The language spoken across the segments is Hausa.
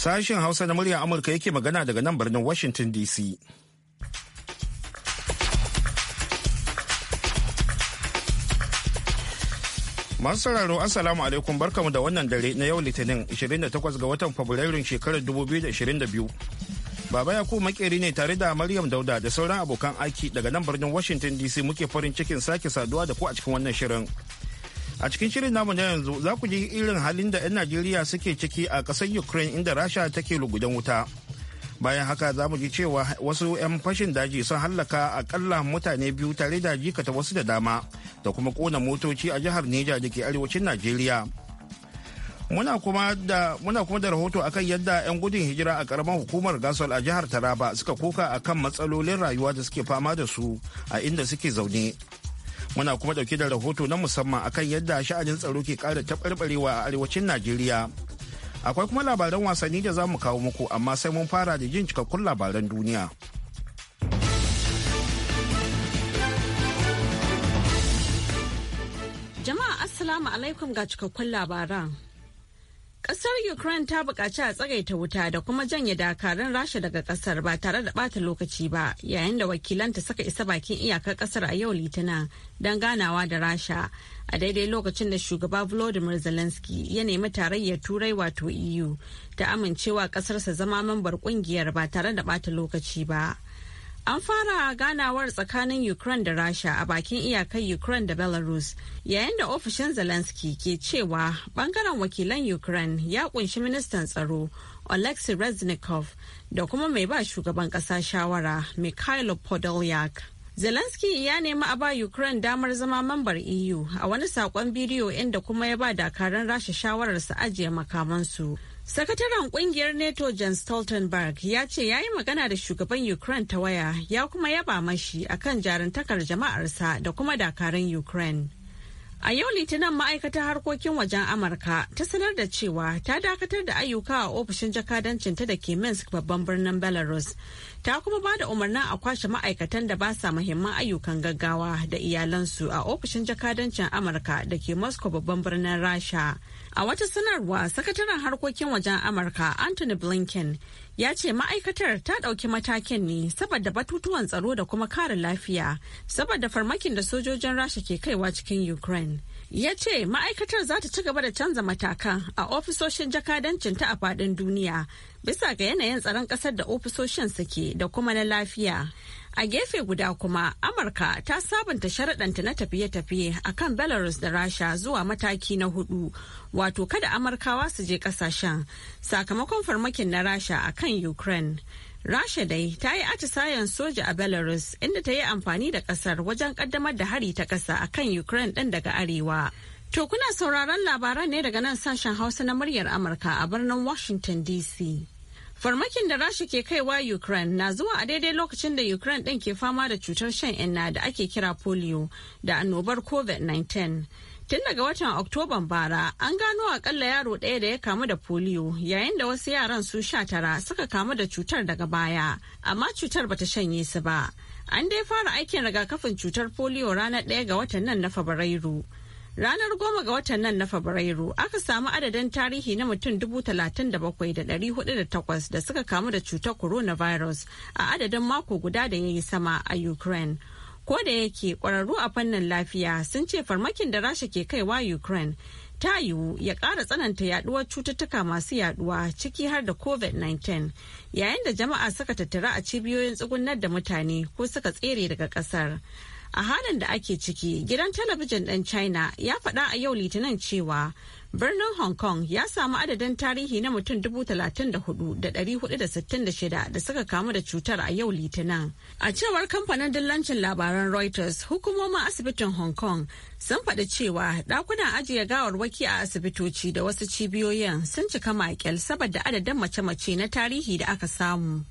Sashen Hausa na muryar Amurka yake magana daga nan birnin Washington DC. Masu sauraro Assalamu alaikum barkamu da wannan dare na yau Litinin 28 ga watan Fabrairun shekarar 2022. Baba Yakubu makeri ne tare da Maryam Dauda da sauran abokan aiki daga nan birnin Washington DC muke farin cikin sake saduwa da ku a cikin wannan shirin. A cikin shirin namu na yanzu za ku ji irin halin da 'yan Najeriya suke ciki a ƙasar Ukraine inda Rasha take lugudan wuta. Bayan haka za mu ji cewa wasu 'yan fashin daji sun hallaka akalla mutane biyu tare da jikata wasu da dama da kuma kona motoci a jihar Neja da ke arewacin Najeriya. Muna kuma da muna kuma da rahoto akan yadda 'yan gudun hijira a karamar hukumar Gasol a jihar Taraba suka koka akan matsalolin rayuwa da suke fama da su a inda suke zaune. Muna kuma dauke da rahoto na musamman akan yadda sha'anin tsaro ke ƙara taɓarɓarewa a arewacin Najeriya. Akwai kuma labaran wasanni da za mu kawo muku amma sai mun fara da jin cikakkun labaran duniya. Jama'a Assalamu alaikum ga cikakkun labaran. Ƙasar Ukraine ta buƙaci a tsagaita wuta da kuma janye dakarun Rasha daga ƙasar ba tare da bata lokaci ba yayin da wakilanta suka isa bakin iyakar ƙasar a yau Litinin don ganawa da Rasha a daidai lokacin da shugaba Volodymyr Zelensky ya nemi tarayyar Turai wato EU ta amincewa ƙasarsa zama mambar ƙungiyar ba tare da ɓata lokaci ba. An fara ganawar tsakanin Ukraine da Rasha a bakin iyakar Ukraine da Belarus yayin da ofishin Zelensky ke cewa bangaren wakilan Ukraine ya kunshi ministan tsaro Oleksiy Reznikov da kuma mai ba shugaban kasa shawara Mikhailo Podolyak. Zelensky ya nemi a ba Ukraine damar zama mambar EU a wani saƙon bidiyo inda kuma ya ba dakarun Rasha shawarar su ajiye makamansu. Sakataren kungiyar NATO John Stoltenberg ya ce ya yi magana da shugaban Ukraine ta waya ya kuma yaba mashi a kan jarantakar jama'arsa da kuma dakarun Ukraine. A yau Litinin ma'aikatar harkokin wajen Amurka ta sanar da cewa ta dakatar da ayyuka a ofishin jakadancinta da ke Minsk babban birnin Belarus. Ta kuma ba da umarnin a kwashe ma'aikatan da ba sa muhimman ayyukan gaggawa da iyalansu a ofishin jakadancin Amurka da ke Moscow babban birnin Rasha. A wata sanarwa, sakataren harkokin wajen Amurka Anthony Blinken ya ce ma'aikatar ta ɗauki matakin ne saboda batutuwan tsaro da kuma kare lafiya saboda farmakin da sojojin Rasha ke kaiwa cikin Ukraine. ya ce ma'aikatar za ta ci gaba da canza matakan a ofisoshin jakadancinta a faɗin duniya bisa ga yanayin tsaron ƙasar da ofisoshin suke da kuma na lafiya a gefe guda kuma amurka ta sabunta sharaɗanta na tafiye-tafiye a kan belarus da rasha zuwa mataki na hudu wato kada amurkawa su je ƙasashen sakamakon farmakin na rasha a kan ukraine Rasha dai ta yi atisayen soja a Belarus inda ta yi amfani da kasar wajen kaddamar da hari ta kasa a kan Ukraine ɗin daga arewa. To kuna sauraron labaran ne daga nan sashen Hausa na muryar Amurka a birnin Washington DC. Farmakin da Rasha ke kaiwa Ukraine na zuwa a daidai lokacin da Ukraine ɗin ke fama da cutar shan inna da ake kira polio da annobar COVID-19. Tun daga watan Oktoban bara an gano akalla yaro ɗaya da ya kamu da Poliyo yayin da wasu yaran su sha tara suka kamu da cutar daga baya amma cutar bata shanye su ba. An dai fara aikin rigakafin cutar foliyo ranar ɗaya ga watan nan na Fabrairu. Ranar goma ga watan nan na Fabrairu aka samu adadin tarihi na mutum dubu talatin da bakwai da ɗari hudu da takwas da suka kamu da cutar coronavirus a adadin mako guda da ya yi sama a Ukraine. ko da yake kwararru a fannin lafiya sun ce farmakin da rasha ke kaiwa ukraine ta yiwu ya ƙara tsananta yaduwar cututtuka masu yaduwa ciki har da covid-19 yayin da jama'a suka tattara a cibiyoyin tsugunar da mutane ko suka tsere daga ƙasar a halin da ake ciki gidan talabijin ɗin china ya faɗa a yau litinin cewa Birnin Hong Kong ya samu adadin tarihi na mutum 34,466 da suka kamu da cutar a yau Litinin. A cewar kamfanin dillancin labaran Reuters, hukumomin asibitin Hong Kong sun faɗi cewa ɗakunan ajiye gawarwaki a asibitoci da wasu cibiyoyin sun cika makil saboda adadin mace-mace na tarihi da aka samu.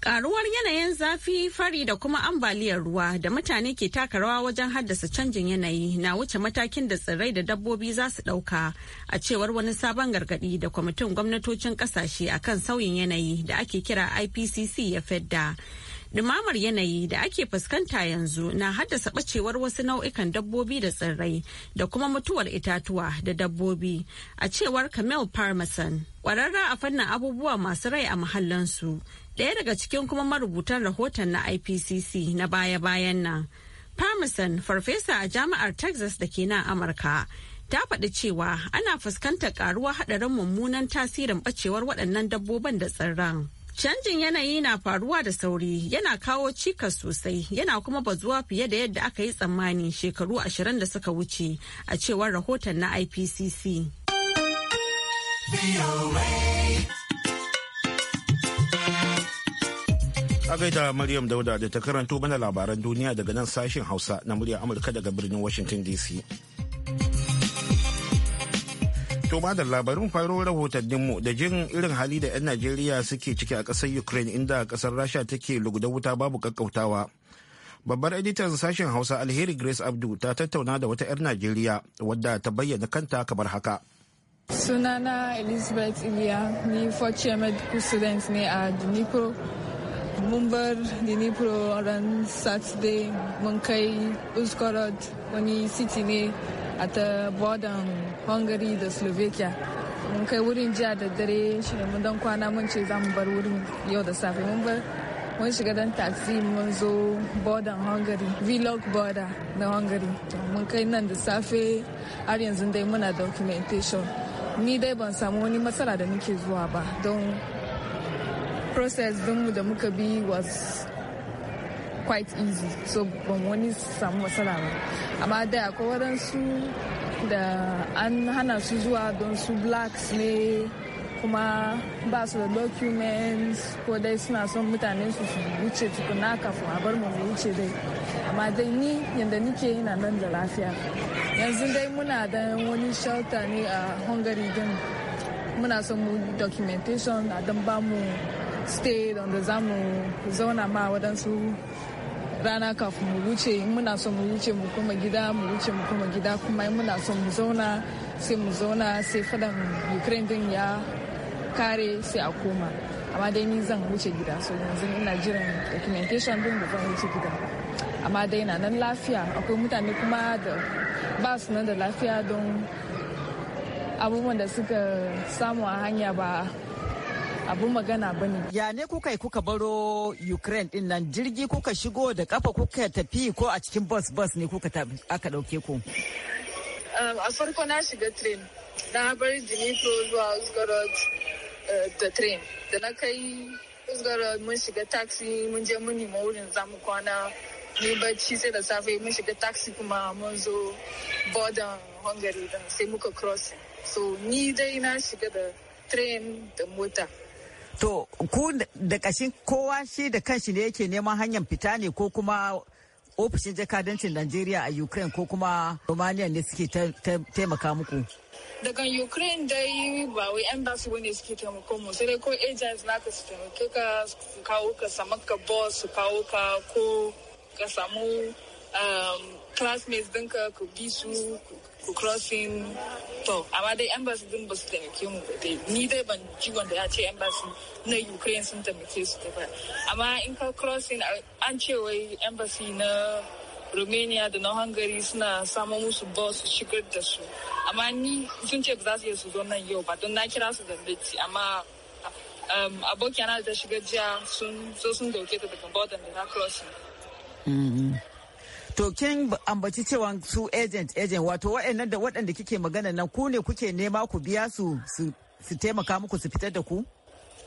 Karuwar yanayin zafi fari da kuma ambaliyar ruwa da mutane ke taka rawa wajen haddasa canjin yanayi na wuce matakin da tsirrai da dabbobi za su ɗauka a cewar wani sabon gargaɗi da kwamitin gwamnatocin ƙasashe akan sauyin yanayi da ake kira IPCC ya fedda. Dumamar yanayi da ake fuskanta yanzu na haddasa bacewar wasu nau'ikan dabbobi da tsirrai da kuma mutuwar itatuwa da dabbobi a cewar Camille Parmesan. Kwararra a fannin abubuwa masu rai a mahallansu. Ɗaya daga cikin kuma marubutan rahoton na IPCC na baya-bayan nan. Parmesan, farfesa a jami'ar Texas da ke nan Amurka. ta faɗi cewa ana fuskantar ƙaruwar haɗarin mummunan tasirin ɓacewar waɗannan dabbobin da tsirran. Canjin yanayi na faruwa da sauri yana kawo cikas sosai yana kuma bazuwa fiye da yadda aka yi tsammani shekaru ashirin da suka wuce a cewar rahoton na IPCC. A gaida Maryam Dauda da ta karanto mana labaran duniya daga nan sashen Hausa na murya Amurka daga birnin Washington DC. To ma da labarin faro rahotanninmu da jin irin hali da 'yan Najeriya suke ciki a ƙasar Ukraine inda ƙasar Rasha take lugudan wuta babu kakkautawa. Babbar editan sashen Hausa Alheri Grace Abdu ta tattauna da wata 'yar Najeriya wadda ta bayyana kanta kamar haka. Sunana Elizabeth Iliya ni Fortune Medical Student ne a Dnipro. Mun bar Dnipro ran Saturday mun kai Uskorod wani city ne a ta bodan hungary da slovakia mun kai wurin jiya da dare shi mun dan kwana mun ce za mu bar wurin yau da safe mun bar mun shiga dan taxi mun zo bodan hungary vlog border na hungary mun kai nan da safe har yanzu dai muna documentation ni dai ban samu wani matsala da muke zuwa ba don process dinmu da muka bi was quite easy so ban wani samu matsala ba amma da akwai waɗansu da an hana su zuwa don su blacks ne kuma ba su da documents ko dai suna son mutane su su wuce tukuna kafin a bar mu wuce dai amma dai ni yadda nike yana nan da lafiya yanzu dai muna da wani shelter ne a hungary din muna son mu documentation a don ba mu stay da za mu zauna ma waɗansu rana kafin mu wuce in muna so mu wuce mu koma gida mu wuce mu koma gida kuma in muna so mu zauna sai mu zauna sai fadan ukraine din ya kare sai a koma amma dai ni zan wuce gida so yanzu ina jiran documentation din da zan wuce gida amma dai na nan lafiya akwai mutane kuma da ba su nan da lafiya don abubuwan da suka samu a hanya ba abun magana ba ne. Ya ne kuka yi kuka baro Ukraine din nan jirgi kuka shigo da kafa kuka tafi ko a cikin bus bus ne kuka aka dauke ku? Um, a farko na shiga train na bar ko zuwa Uzgorod uh, da train da na kai Uzgorod mun shiga taxi mun je mun nima wurin zamu kwana ni bacci sai da safe mun shiga taxi kuma mun zo border Hungary sai muka crossing. So ni dai na shiga da train da mota. To ku da kashin kowa shi da kanshi ne yake neman hanyar fita ne ko kuma ofishin jakadancin Najeriya a Ukraine ko kuma Romania ne suke taimaka muku? Daga Ukraine dai ba wai yan embassy wani suke taimako mu sai dai ko agents naka su taimake ka su kawo ka samu ka boss su kawo ka ko ka samu Um, classmates ka ku bi su ku crossing to amma dai embassy din ba su taimake mu ba dai ni dai ban ji wanda ya ce embassy na ukraine sun taimake su ta ba amma in ka crossing an ce wai embassy na romania da na hungary suna samu musu bus shigar da su amma ni sun ce ba za su iya su zo nan yau ba don na kira su da amma um, abokiyana da ta shiga jiya sun zo sun dauke ta daga border da na crossing mm-hmm. To kin ambaci cewa su agent agent wato waɗannan da waɗanda kike magana nan ku ne kuke nema ku biya su su taimaka muku su fitar da ku?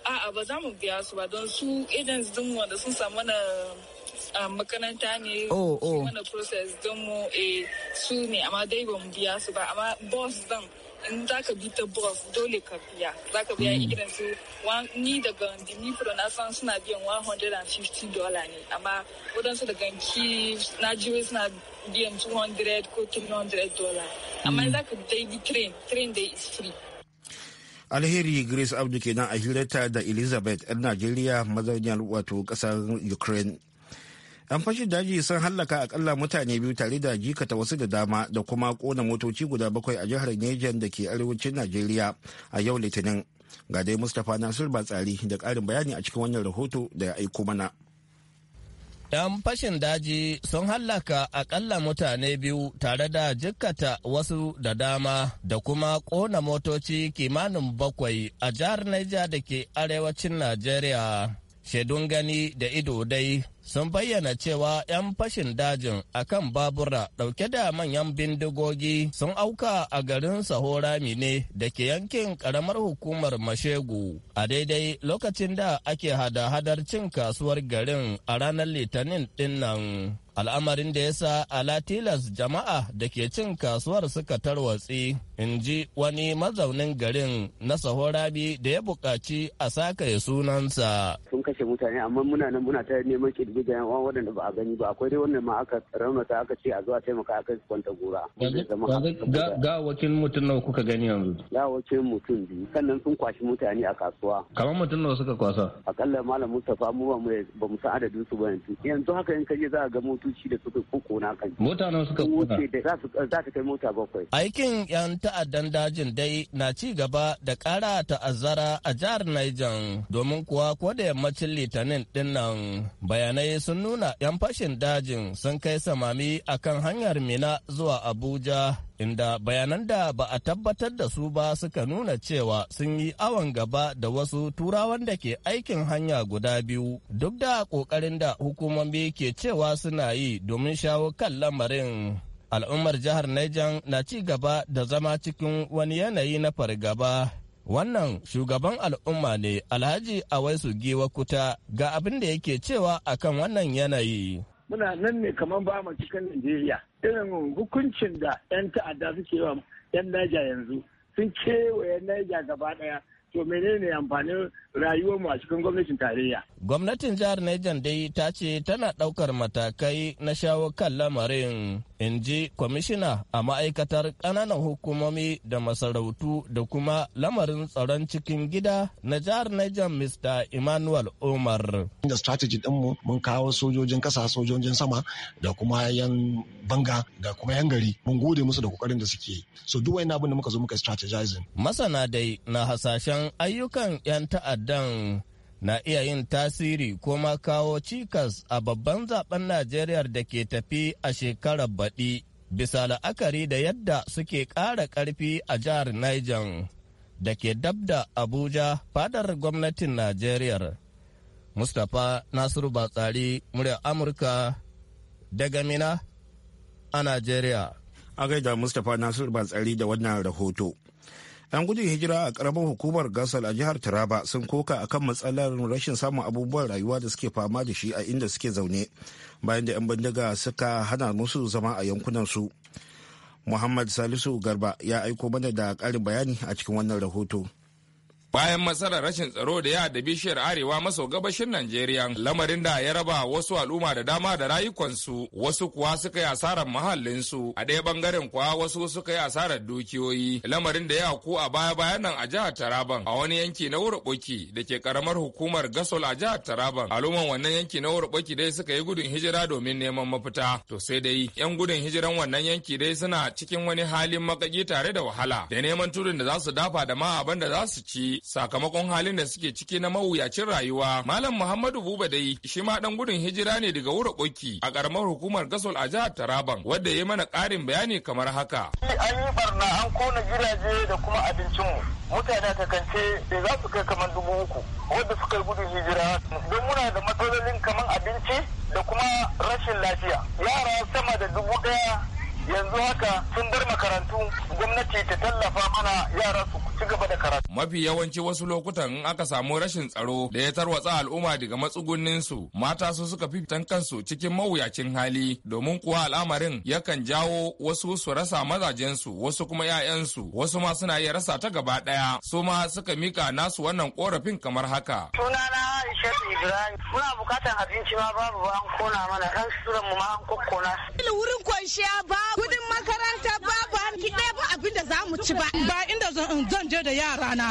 A'a ba za mu biya su ba don su agents din wanda sun samu mana ah, makaranta ne oh, su oh. mana process din mu eh, su ne amma dai ba mu biya su ba amma boss din in za ka bi ta bus dole ka biya za ka biya hmm. irin su ni daga dimitro na san suna biyan 150 dollar ne amma waɗansu daga ki na jiwe suna biyan 200 ko 300 dollar amma hmm. za ka daidi train train dai is free alheri grace abdu kenan a hirarta da elizabeth 'yan najeriya mazauniyar wato kasar ukraine 'Yan fashin daji sun hallaka akalla mutane biyu tare da jikata wasu da dama da kuma kona motoci guda bakwai a jihar Nejan da ke arewacin Najeriya a yau Litinin. Ga dai Mustapha Nasir Batsari da ƙarin bayani a cikin wannan rahoto da ya aiko mana. 'Yan fashin daji sun hallaka akalla mutane biyu tare da jikkata wasu da dama da kuma ƙona motoci kimanin bakwai a jihar Niger da ke arewacin Najeriya. Shaidun gani da ido dai sun bayyana cewa 'yan fashin dajin a kan babura ɗauke da manyan bindigogi sun auka a garin sahorami ne da ke yankin ƙaramar hukumar mashegu a daidai lokacin da ake hada-hadar cin kasuwar garin a ranar litinin ɗinnan. al'amarin da ya sa alatilas jama'a da ke cin kasuwar suka tarwatsi in ji wani mazaunin garin na sahorabi da ya buƙaci a sakaye sunansa sun kashe mutane amma muna nan muna ta neman ƙirgiga yan uwan waɗanda ba a gani ba akwai dai wannan ma aka raunata aka ce a zuwa taimaka aka kwanta gora wakil mutum nawa kuka gani yanzu Ga wakil mutum biyu sannan sun kwashi mutane a kasuwa kamar mutum nawa suka kwasa akalla malam mustapha mu ba mu san adadin su ba yanzu yanzu haka in kaje za a ga mutu shi da suka koko na kan mota na suka za ta kai mota bakwai aikin yan ta'addan dajin dai na ci gaba da ƙara ta'azzara a jihar Niger domin kuwa ko da yammacin litinin din nan bayanai sun nuna yan fashin dajin sun kai samami akan hanyar Mina zuwa Abuja inda bayanan da ba a tabbatar da su ba suka nuna cewa sun yi awon gaba da wasu turawan da ke aikin hanya guda biyu duk da ƙoƙarin da hukumomi ke cewa suna yi domin shawo kan lamarin. Al'ummar jihar Niger na ci gaba da zama cikin wani yanayi na fargaba Wannan shugaban al'umma ne Alhaji Awaisu Giwa Kuta ga abin da yake cewa akan wannan yanayi. muna nan ne kamar ba mu cikin Najeriya irin hukuncin da 'yan ta'adda suke wa 'yan Naija yanzu sun kewaye Naija gaba ɗaya. to menene amfanin rayuwar mu a cikin gwamnatin tarayya. Gwamnatin jihar Niger dai ta ce tana ɗaukar matakai na shawo kan lamarin in ji kwamishina a ma'aikatar ƙananan hukumomi da masarautu da kuma lamarin tsaron cikin gida na jihar Niger Mr. Emmanuel Omar. Da strategy ɗinmu mun kawo sojojin ƙasa sojojin sama da kuma yan banga da kuma yan gari mun gode musu da kokarin da suke so duk wani abin da muka zo muka strategizing. Masana dai na hasashen waɗannan ayyukan 'yan ta'addan na iya yin tasiri ko ma kawo cikas a babban zaben Najeriya da ke tafi a shekarar baɗi bisa la'akari da yadda suke ƙara ƙarfi a jihar Niger da ke dab da Abuja fadar gwamnatin Najeriya. Mustapha Nasiru Batsari murya Amurka daga Mina a Najeriya. A gaida Mustapha Nasiru Batsari da wannan rahoto. 'yan gudun hijira a karamar hukumar gasar a jihar taraba sun koka a kan matsalar rashin samun abubuwan rayuwa da suke fama da shi a inda suke zaune bayan da 'yan bindiga suka hana musu zama a yankunan su muhammad salisu garba ya aiko mana da ƙarin bayani a cikin wannan rahoto bayan matsalar rashin tsaro da ya da bishiyar arewa maso gabashin Najeriya lamarin da ya raba wasu al'umma da dama da rayukansu wasu kuwa suka yi asarar mahallinsu a ɗaya bangaren kuwa wasu suka yi asarar dukiyoyi lamarin da ya ku a baya bayan nan a jihar Taraban a wani yanki na Wurɓoki da ke karamar hukumar Gasol a jihar Taraban al'umman wannan yanki na Wurɓoki dai suka yi gudun hijira domin neman mafita to sai dai yan gudun hijiran wannan yanki dai suna cikin wani halin makaki tare da wahala da neman tudun da za su dafa da ma abin da za su ci sakamakon halin da suke ciki na mawuyacin rayuwa. Malam Muhammadu Buba dai shi ma dan gudun hijira ne daga wura ɓoki a ƙaramar hukumar Gasol a jihar Taraban wadda ya mana ƙarin bayani kamar haka. An yi barna an kona gidaje da kuma abincinmu. Mutane ta kance da za su kai kamar dubu uku wadda suka yi gudun hijira don muna da matsalolin kamar abinci da kuma rashin lafiya. Yara sama da dubu ɗaya yanzu haka sun bar makarantu gwamnati ta tallafa mana yara su ci gaba da karatu. Mafi yawanci wasu lokutan in aka samu rashin tsaro da ya tarwatsa al'umma daga su mata su suka fitan kansu cikin mawuyacin hali domin kuwa al'amarin yakan jawo wasu su rasa mazajensu wasu kuma 'ya'yansu wasu ma suna iya rasa ta gaba ɗaya su ma suka mika nasu wannan korafin kamar haka. Sunana Aishatu Ibrahim muna bukatan abinci ma babu ba an kona mana ɗan suran mu ma an kokkona. Wurin kwanciya babu. Kudin makaranta babu. ki ba abin da za mu ci ba ba inda zan je da yara na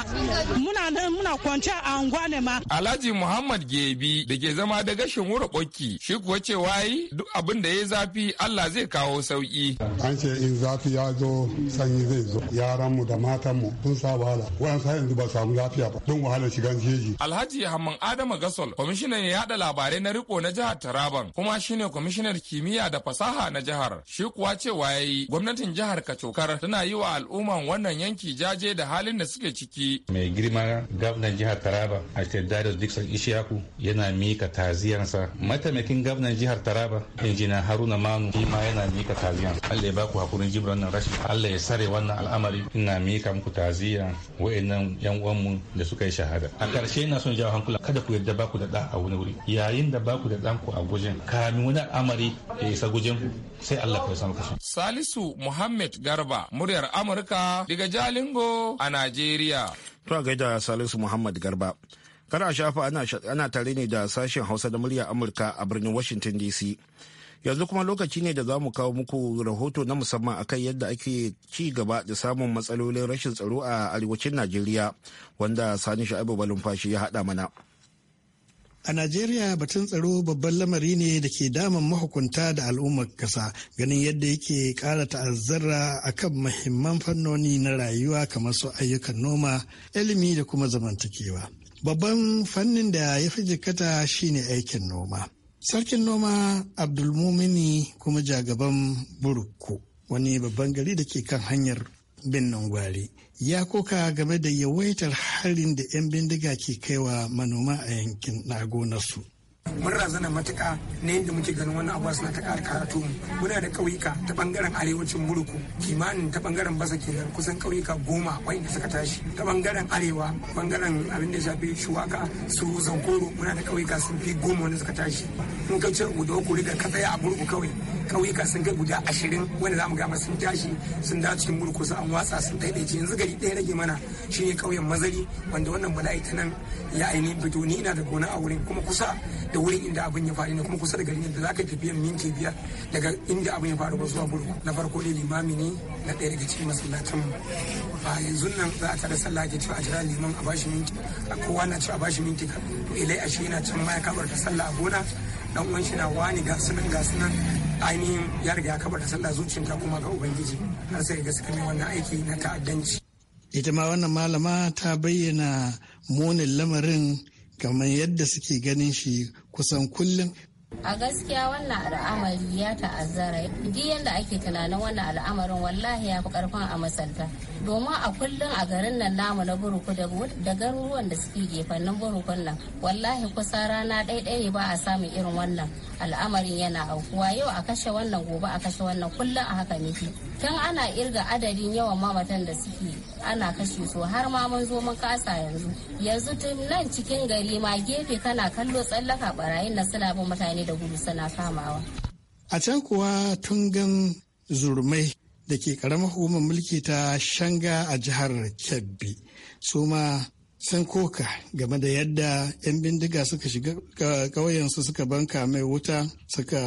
muna nan muna kwance a anguwa ne ma Alhaji Muhammad Gebi da ke zama da gashin wura ɓoki. shi kuwa ce wayi duk abin da ya zafi Allah zai kawo sauki an ce in zafi ya zo sanyi zai zo yaran mu da matan mu sun sa wahala wayan sa yanzu ba samu lafiya ba don wahala shigan jeji Alhaji Hamman Adama Gasol kwamishinan ya yada labarai na riko na jihar Taraban kuma shine kwamishinar kimiyya da fasaha na jihar shi kuwa ce wayi gwamnatin jihar Kato. tokar tana yi wa al'umman wannan yanki jaje da halin da suke ciki. Mai girma gwamnan jihar Taraba a Darius Dixon ishiyaku yana mika taziyansa. Mataimakin gwamnan jihar Taraba injina Haruna Manu shi ma yana mika taziyan Allah ya baku hakurin jibran nan rashin. Allah ya sare wannan al'amari. Ina mika muku taziya wa'annan yan uwanmu da suka yi shahada. A karshe ina son jawo hankula kada ku yarda baku da ɗa a wani wuri. Yayin da baku da ɗanku a gujen kamin wani al'amari ya isa gujen sai Allah ya samu kasu. Salisu Muhammad Gar Garba, muryar Amurka daga Jalingo a Najeriya. To a gaida Salisu Muhammad Garba. Kana a shafa ana tare ne da sashen Hausa da muryar Amurka a birnin Washington DC. yanzu kuma lokaci ne da za mu kawo muku rahoto na musamman akan yadda ake ci gaba da samun matsalolin rashin tsaro a arewacin najeriya wanda sani sha'ibu balumfashi ya haɗa mana. A Najeriya batun tsaro babban lamari ne da ke damun mahukunta da al'ummar ƙasa ganin yadda yake ƙara ta'azzara a kan mahimman fannoni na rayuwa kamar su ayyukan noma, ilimi da kuma zamantakewa. Babban fannin da ya fi jikata shine aikin noma. Sarkin noma Abdulmumini kuma jagaban Burukku wani babban gari da ke kan hanyar Binnan Gwari. ya koka game da yawaitar harin da 'yan bindiga ke kaiwa manoma a yankin na gonarsu. mun razana matuka na yadda muke ganin wani abuwa suna ta kara karatu mu muna da kauyuka ta bangaren arewacin muruku kimanin ta bangaren basa kenan kusan kauyuka goma wanda suka tashi ta bangaren arewa bangaren abin da shafi shuwaka su zankoro muna da kauyuka sun fi goma wanda suka tashi in ka ce guda uku riga ka tsaya a burku kawai kauyuka sun kai guda ashirin wanda za mu gama sun tashi sun dawo cikin burku su an watsa sun daidaice yanzu gari ɗaya rage mana shi ne kauyen mazari wanda wannan bala'i ta nan ya ainihin fito ni ina da gona a wurin kuma kusa da da wurin inda abin ya faru ne kuma kusa da garin da za ka tafiya minti biyar daga inda abin ya faru ba zuwa burku na farko dai limami ne na ɗaya daga cikin masallacin ba yanzu nan za a tare sallah ke cewa a jira liman a bashi minti a kowa na cewa a bashi minti to ilai shi yana can ma ya kabar da sallah a gona dan uwan shi na wani ga sunan ga sunan ainihin ya riga ya kabar da sallah zuciyarka kuma ga ubangiji har sai ga suka mai wannan aiki na ta'addanci ita ma wannan malama ta bayyana munin lamarin kamar yadda suke ganin shi kusan kullum a gaskiya wannan al'amari ya ta'azzara duk yadda ake tunanin wannan al'amarin wallahi ya fi karfin a masalta domin a kullum a garin nan namu na buruku da garuruwan da suke gefannin burukun nan wallahi kusa rana ɗaiɗaya ba a samun irin wannan al'amarin yana aukuwa yau a kashe wannan gobe a kashe wannan kullum a haka miki tun ana irga adadin yawan mamatan da suke ana kashe su har ma mun zo mun kasa yanzu yanzu tun nan cikin gari ma gefe kana kallo tsallaka barayin na suna bin mutane da gudu suna kamawa a can kuwa tungan zurmai da ke karamar hukumar mulki ta shanga a jihar kebbi su ma sun koka game da yadda 'yan bindiga suka shiga ƙauyensu suka banka mai wuta suka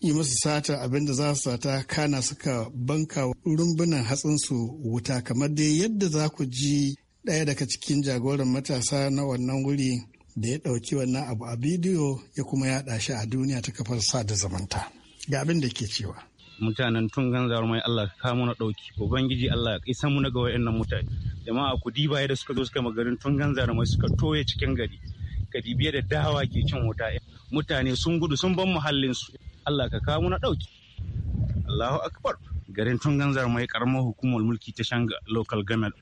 yi musu sata abinda za su sata kana suka banka rumbunan hatsinsu wuta kamar dai yadda za ku ji ɗaya daga cikin jagoran matasa na wannan wuri da ya ɗauki wannan abu a bidiyo ya kuma yaɗa shi a duniya ta kafar sada zamanta ga abin da ke cewa mutanen tun tungan mai Allah ka kawo na ɗauki ubangiji Allah ka isa mu na ga wayannan mutane jama'a ku diba yadda suka zo suka magarin tungan mai suka toye cikin gari ka dibiya da dawa ke cin wuta mutane sun gudu sun ban muhallin su Allah ka kawo muna ɗauki. Allahu Akbar garin Tungan mai karamar hukumar mulki ta Shanga Local Government.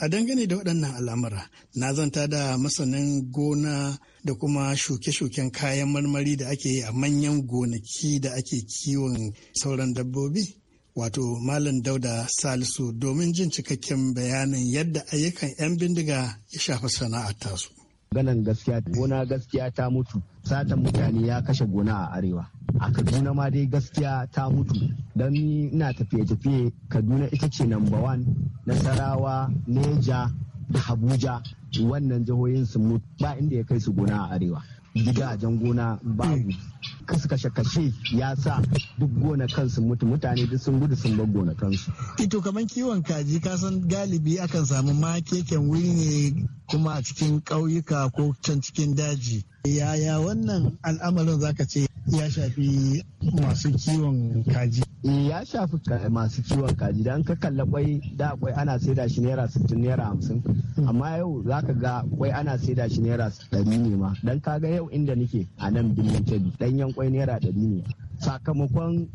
A dangane da waɗannan al'amura, na zanta da masanin gona da kuma shuke-shuken kayan marmari da ake yi a manyan gonaki da ake kiwon sauran dabbobi. Wato Malam Dauda Salisu domin jin cikakken bayanin yadda ayyukan 'yan bindiga ya shafa sana'ar tasu. maganan gaskiya gona gaskiya ta mutu satan mutane ya kashe gona a arewa a kaduna ma dai gaskiya ta mutu don ina tafiye-tafiye kaduna ita ce number one nasarawa neja da habuja wannan jihohin sun mutu ba inda ya kai su gona a arewa a jan gona babu kashe-kashe ya sa duk kansu mutu mutane duk sun gudu sun bar kansu. Ito eh, kamar kiwon kaji kasan galibi akan samu ma keken wuri ne kuma a cikin ƙauyuka ko can cikin daji. Yaya wannan al'amarin zaka ce ya shafi masu kiwon kaji? Eh, ya shafi masu kiwon kaji dan ka kalla kwai da kwai ana saida shi naira sittin naira hamsin amma yau za ka ga kwai ana saida shi naira ɗari ne ma dan kaga yau inda nake a nan birnin kebbi dan ganyen kwai naira ɗari ne sakamakon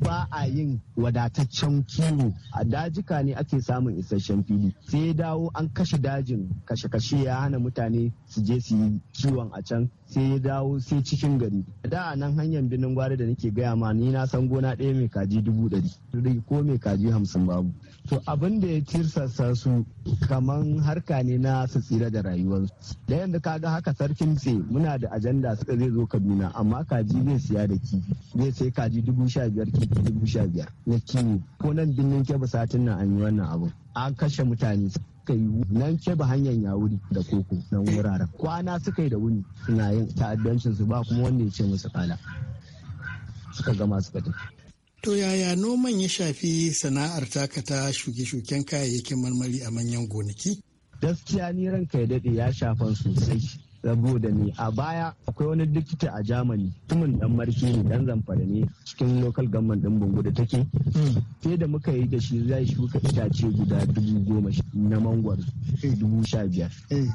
ba a yin wadataccen kiwo a dajika ne ake samun isasshen fili sai ya dawo an kashe dajin kashe-kashe ya hana mutane su je su yi kiwon a can sai ya dawo sai cikin gari da a nan hanyar birnin gwari da nake gaya ma ni na san gona ɗaya mai kaji dubu ɗari ko mai kaji hamsin babu to abin da ya tirsasa su kaman harka ne na su tsira da rayuwarsu da yanzu kaga haka sarkin ce muna da ajanda suka zai zo kaduna amma kaji zai siya da kifi zai sai kaji dubu sha biyar kifi dubu sha biyar na kiwo ko nan birnin kebe satin nan an yi wannan abu an kashe mutane suka yi nan ba hanyar ya wuri da koko nan wuraren kwana suka yi da wuni suna yin ta'addancin su ba kuma wanda ya ce musu kala suka gama suka tafi To yaya noman ya shafi sana'ar takata shuke-shuken kayayyakin marmari a manyan gonaki? Gaskiya ni ranka ya dade ya shafan sosai. rabo da a baya akwai wani likita a germany tumin dan marki ne dan zamfara ne cikin lokal government din bungu da take sai da muka yi da shi zai shuka itace guda dubu goma na mangwaro dubu sha biyar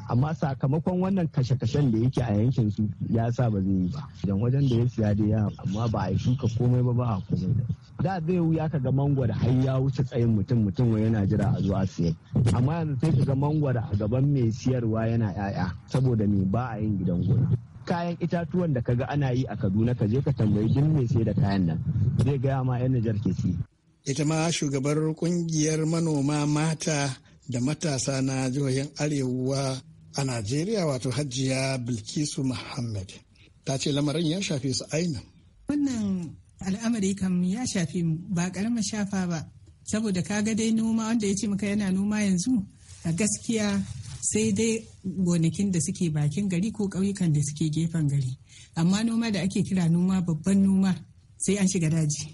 amma sakamakon wannan kashe-kashen da yake a yankin su ya sa ba zai yi ba idan wajen da ya siya da ya amma ba a yi shuka komai ba ba a komai da da zai wuya ka ga mangwaro har ya wuce tsayin mutum mutum yana jira a zuwa siya amma yanzu sai ka ga mangwaro a gaban mai siyarwa yana 'ya'ya saboda me ba a yin gidan gona kayan itatuwan da kaga ana yi a kaduna ka je ka tambayi duk mai sai da kayan nan zai gaya ma yan nijar ke ci ita ma shugabar kungiyar manoma mata da matasa na jihohin arewa a najeriya wato hajiya bilkisu muhammad ta ce lamarin ya shafe su aina wannan al'amari kam ya shafi mu ba karama shafa ba saboda kaga dai noma wanda ya ce maka yana noma yanzu a gaskiya sai dai gonakin da suke bakin gari ko ƙauyukan da suke gefen gari amma noma da ake kira noma babban noma sai an shiga daji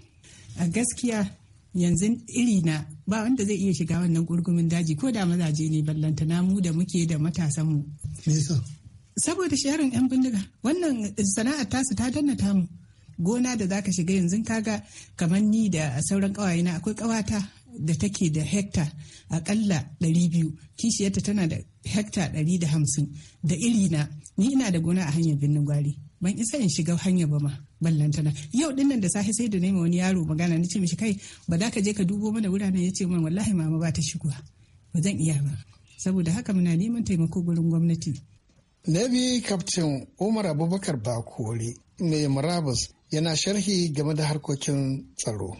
a gaskiya yanzu iri na ba wanda zai iya shiga wannan gurgumin daji ko da mazaje ne ballantana mu da muke da matasan mu saboda sharin yan bindiga wannan sana'ar tasu ta danna tamu gona da zaka shiga yanzu kaga kamar ni da sauran ƙawayena, akwai ƙawata. da take da hekta akalla 200 kishiyarta tana da hekta 150 da iri na ni ina da gona a hanyar birnin gwari ban isa in shiga hanya ba ma ballantana yau dinnan da sahi sai da nema wani yaro magana ni ce mishi kai ba za ka je ka dubo mana wuraren ya ce min wallahi mama ba ta shigowa ba zan iya ba saboda haka muna neman taimako gurin gwamnati Navy Captain Umar Abubakar Bakore mai murabus yana sharhi game da harkokin tsaro.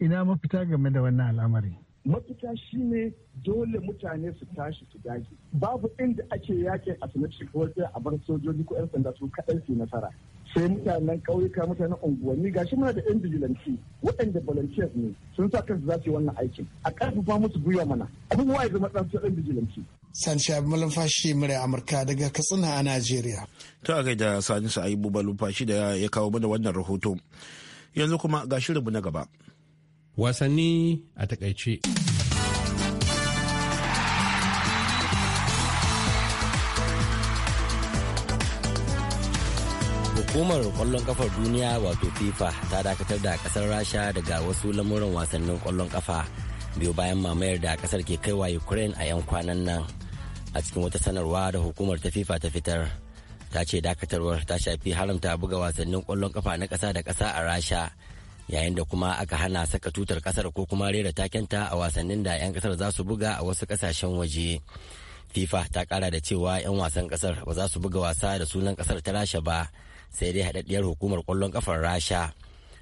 ina mafita game da wannan al'amari mafita shine dole mutane su tashi su dage babu inda ake yakin a sanaci ko a bar sojoji ko 'yan sanda su kaɗan su nasara sai mutanen ƙauyuka mutanen unguwanni Ga shi muna da 'yan bijilanci waɗanda volunteers ne sun sa kansu za su yi wannan aikin a ƙarfafa musu gwiwa mana abin wa ya zama ɗan ɗan bijilanci. Sanci Abu Malumfashi murya Amurka daga Katsina a Najeriya. Ta a gaida Salisu Ayubu Malumfashi da ya kawo mana wannan rahoto. Yanzu kuma ga shirinmu na gaba. wasanni a takaice. hukumar kwallon kafar duniya wato fifa ta dakatar da kasar rasha daga wasu lamuran wasannin kwallon kafa biyu bayan mamayar da kasar ke kaiwa ukraine a 'yan kwanan nan a cikin wata sanarwa da hukumar ta fifa ta fitar ta ce dakatarwar ta shafi haramta buga wasannin kwallon kafa na kasa da kasa a rasha yayin da kuma aka hana saka tutar kasar ko kuma rera takenta a wasannin da 'yan kasar za su buga a wasu kasashen waje fifa ta kara da cewa 'yan wasan kasar ba za su buga wasa da sunan kasar ta rasha ba sai dai haɗaɗɗiyar hukumar kwallon kafar rasha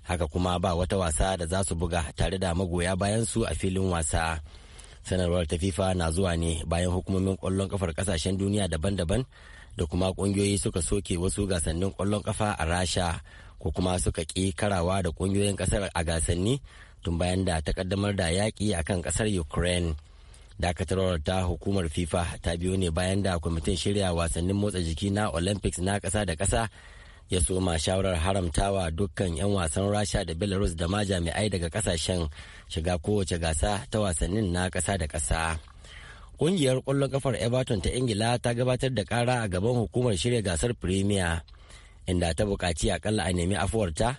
haka kuma ba wata wasa da za su buga tare da magoya bayan su a filin wasa sanarwar ta fifa na zuwa ne bayan hukumomin kwallon kafar kasashen duniya daban-daban da kuma ƙungiyoyi suka soke wasu gasannin kwallon kafa a rasha ko kuma suka ƙi karawa da ƙungiyoyin ƙasar a gasanni tun bayan da ta kaddamar da yaƙi a kan ƙasar ukraine dakatarwar ta hukumar fifa ta biyo ne bayan da kwamitin shirya wasannin motsa jiki na olympics na ƙasa da ƙasa ya soma shawarar haramtawa dukkan 'yan wasan rasha da belarus da ma jami'ai daga ƙasashen shiga kowace gasa ta wasannin na ƙasa da ƙasa ƙungiyar ƙwallon kafar everton ta ingila ta gabatar da ƙara a gaban hukumar shirya gasar premier inda ta buƙaci akalla a nemi afuwarta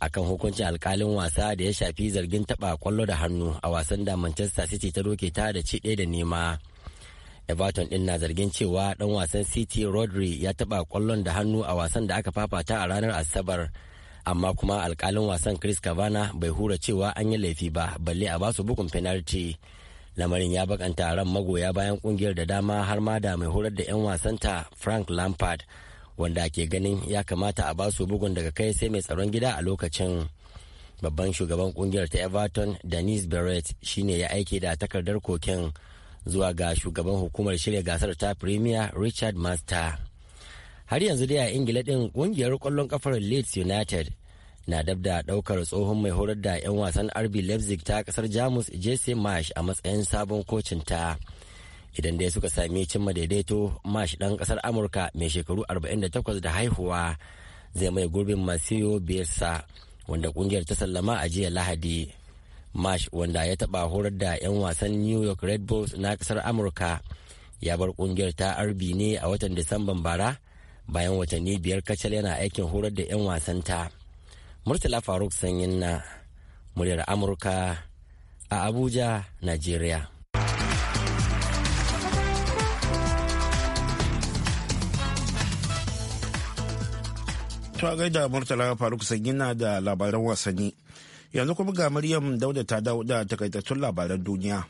akan hukuncin alkalin wasa da ya shafi zargin taɓa kwallo da hannu a wasan da manchester city ta doke ta da ci ɗaya da nema everton ɗin na zargin cewa ɗan wasan city rodri ya taɓa kwallon da hannu a wasan da aka fafata a ranar asabar amma kuma alkalin wasan chris kavana bai hura cewa an yi laifi ba balle a basu bugun fenalti lamarin ya bakanta ran magoya bayan kungiyar da dama har ma da mai horar da 'yan wasanta frank lampard wanda ke ganin ya kamata a basu bugun daga kai sai mai tsaron gida a lokacin babban shugaban kungiyar ta everton denise beret shine ya aike da takardar koken zuwa ga shugaban hukumar shirya gasar ta premier richard master har yanzu dai a ingila din kungiyar kwallon kafar leeds united na dab da daukar tsohon mai horar da 'yan wasan rb leipzig ta kasar jamus jesse marsh a matsayin sabon kocin ta. idan dai suka sami cimma daidaito mash ɗan ƙasar amurka mai shekaru 48 da haihuwa zai mai gurbin masiyo biyarsa wanda kungiyar ta sallama a jiya lahadi mash wanda ya taba horar da 'yan wasan new york red bulls na ƙasar amurka ya bar kungiyar ta arbi ne a watan disamban bara bayan watanni biyar kacal yana aikin horar da 'yan wasan ta murtala faruk sanyin na muryar amurka a abuja nigeria To a gaida Murtala Faruk na da labaran wasanni. Yanzu kuma ga Maryam Dauda ta dawo da takaitattun labaran duniya.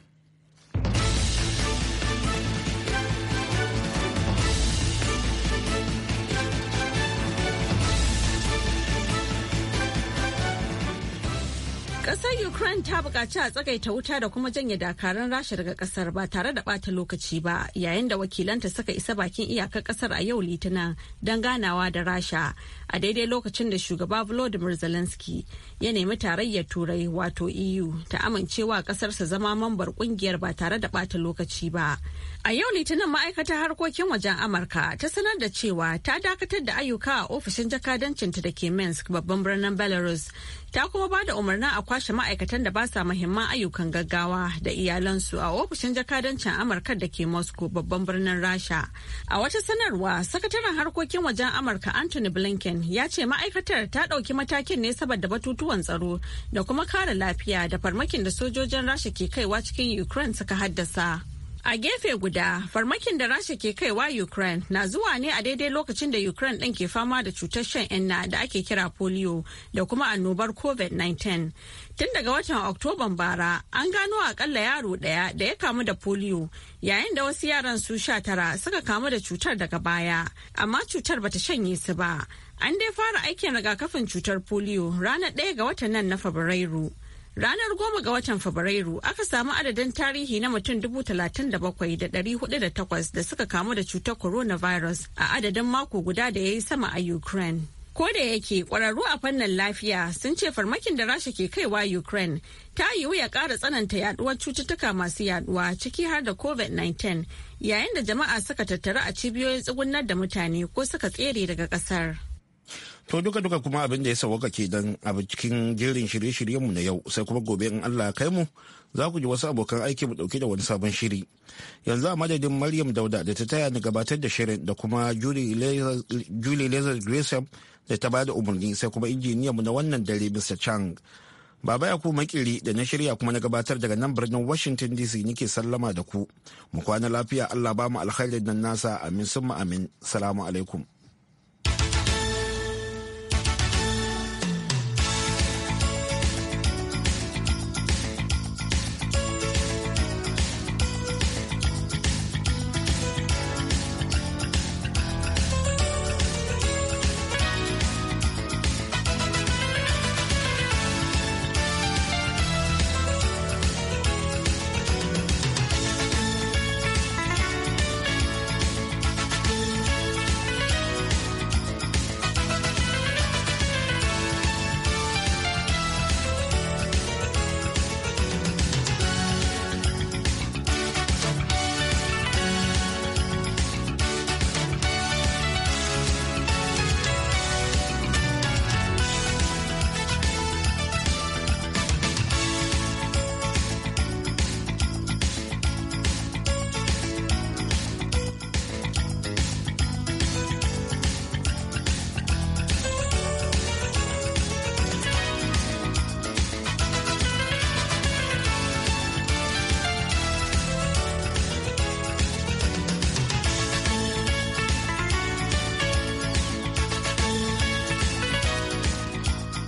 Ƙasar Ukraine ta buƙaci a tsagaita wuta da kuma janye dakarun Rasha daga ƙasar ba tare da bata lokaci ba yayin da wakilanta suka isa bakin iyakar ƙasar a yau Litinin don ganawa da Rasha a daidai lokacin da shugaba Volodymyr Zelensky ya nemi tarayyar Turai wato EU ta amincewa ƙasarsa zama mambar ƙungiyar ba tare da ɓata lokaci ba. A yau Litinin ma'aikatar harkokin wajen Amurka ta sanar da cewa ta dakatar da ayyuka a ofishin jakadancinta da ke Minsk babban birnin Belarus ta kuma ba da umarnin a kwashe ma'aikatan da ba sa muhimman ayyukan gaggawa da iyalansu a ofishin jakadancin amurka da ke moscow babban birnin rasha a wata sanarwa sakataren harkokin wajen amurka anthony blinken ya ce ma'aikatar ta ɗauki matakin ne saboda batutuwan tsaro da kuma kare lafiya da farmakin da sojojin rasha ke kaiwa cikin ukraine suka haddasa A gefe guda, farmakin da Rasha ke kaiwa Ukraine na zuwa ne a daidai lokacin da Ukraine ɗin ke fama da cutar shan inna da ake kira polio da kuma annobar COVID-19. Tun daga watan Oktoban bara, an gano akalla yaro ɗaya da ya kamu da polio yayin da wasu yaran su sha tara suka kamu da cutar daga baya, amma cutar bata shanye su ba. An dai fara aikin rigakafin cutar polio ranar ɗaya ga watan nan na Fabrairu. Ranar goma ga watan Fabrairu aka samu adadin tarihi na mutum dubu talatin da bakwai da ɗari hudu da takwas da suka kamu da cutar coronavirus a adadin mako guda da ya yi sama a Ukraine. Ko da yake kwararru a fannin lafiya sun ce farmakin da Rasha ke kaiwa Ukraine ta yiwu ya kara tsananta yaduwar cututtuka masu yaduwa ciki har da COVID-19 yayin da jama'a suka tattara a cibiyoyin tsugunar da mutane ko suka tsere daga kasar. To duka duka kuma abin da ya sauwaka ke don a cikin jerin shirye-shiryenmu na yau sai kuma gobe in Allah ya kai mu za ku ji wasu abokan aiki mu dauke da wani sabon shiri. Yanzu a madadin Maryam Dauda da ta taya ni gabatar da shirin da kuma Julie Lazar Grayson da ta bada umarni sai kuma injiniyan mu na wannan dare Mr. Chang. Baba ya ku makiri da na shirya kuma na gabatar daga nan birnin Washington DC nake sallama da ku. Mu kwana lafiya Allah ba mu alkhairin nan nasa amin summa amin. Salamu alaikum.